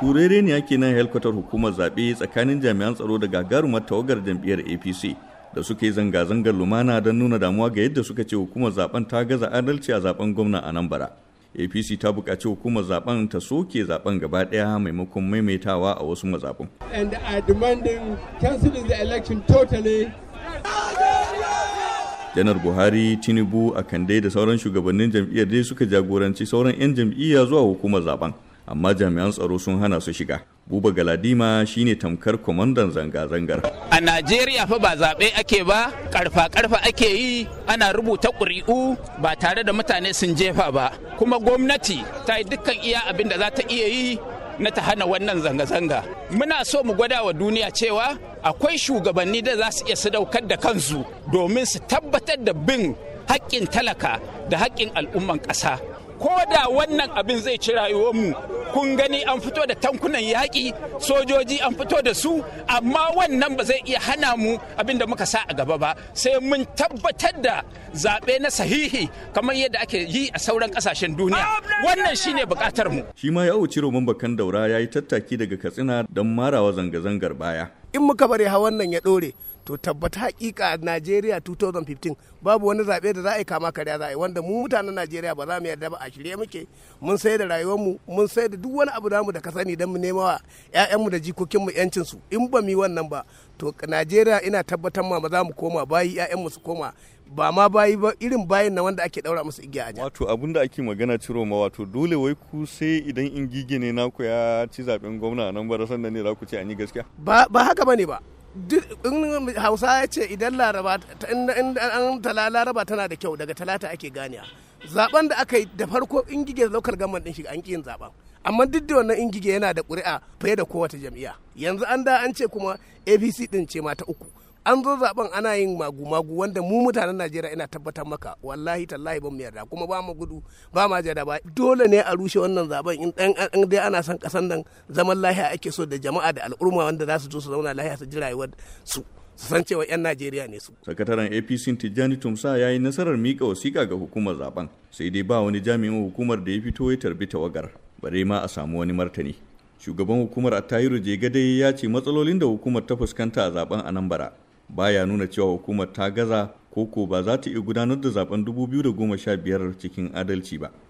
turere ne ake nan helkwatar hukumar zaɓe tsakanin jami'an tsaro da gagarumar tawagar jam'iyyar apc da suka yi zanga-zangar lumana don nuna damuwa ga yadda suka ce hukumar zaben ta gaza adalci a zaben gwamna a nan bara apc ta buƙaci hukumar zaben ta soke zaben gaba ɗaya maimakon maimaitawa a wasu mazaɓin. janar buhari tinubu a kande da sauran shugabannin jam'iyyar dai suka jagoranci sauran 'yan jam'iyya zuwa hukumar zaben amma jami'an tsaro sun hana su shiga buba galadima shine tamkar kwamandan zanga-zangar a najeriya fa ba zaɓe ake ba karfa-karfa ake yi ana rubuta ƙuri'u ba tare da mutane sun jefa ba kuma gwamnati ta yi dukkan iya abin da za ta iya yi na ta hana wannan zanga-zanga muna so mu gwada wa duniya cewa akwai shugabanni da za su iya sadaukar da kansu domin su tabbatar da bin haƙƙin talaka da haƙƙin al'umman ƙasa ko da wannan abin zai ci rayuwarmu kun gani an fito da tankunan yaƙi sojoji an fito da su amma wannan ba zai iya hana mu abin da muka sa a gaba ba sai mun tabbatar da zaɓe na sahihi kamar yadda ake yi a sauran ƙasashen duniya wannan shine buƙatar mu shi ma yawo ciro bakan daura ya yi tattaki daga katsina don marawa zanga-zangar baya in muka bari hawan nan ya ɗore to tabbata hakika Najeriya 2015 babu wani zaɓe da za a yi kama karya za a yi wanda mu mutanen Najeriya ba za mu yarda ba a shirye muke mun sai da mu mun sai da duk wani abu mu da ka sani don mu nema wa ƴaƴanmu da jikokinmu yancinsu in ba mu yi wannan ba to Najeriya ina tabbatar ma ba za mu koma bayi ƴaƴanmu su koma ba ma bayi ba irin bayin na wanda ake daura musu igiya a wato abin da ake magana ciro ma wato dole wai ku sai idan in gige ne naku ya ci zaben gwamna ba nan san da ne za ku ce an yi gaskiya ba haka bane ba hausa ya ce idan laraba in an laraba tana da kyau daga talata ake ganiya zaben da aka yi da farko ingige lokal government din shiga an ƙi yin zaben amma duk da wannan ingige yana da ƙuri'a fiye da kowace jam'iyya yanzu an da an ce kuma apc din ce mata uku an zo zaben ana yin magu-magu wanda mu mutanen najeriya ina tabbatar maka wallahi tallahi ban yarda kuma ba mu gudu ba ma jada ba dole ne a rushe wannan zaben in dan an dai ana son kasan nan zaman lahiya ake so da jama'a da al'umma wanda za su zo su zauna lahiya su ji rayuwar su su san cewa 'yan najeriya ne su sakataren apc tijjani tumsa ya yi nasarar mika wasiƙa ga hukumar zaben sai dai ba wani jami'in hukumar da ya fito ya tarbi tawagar bare ma a samu wani martani shugaban hukumar attahiru jegade ya ce matsalolin da hukumar ta fuskanta a zaben anambra baya nuna cewa hukumar ta gaza koko ba za ta iya gudanar da zaben 2015 cikin adalci ba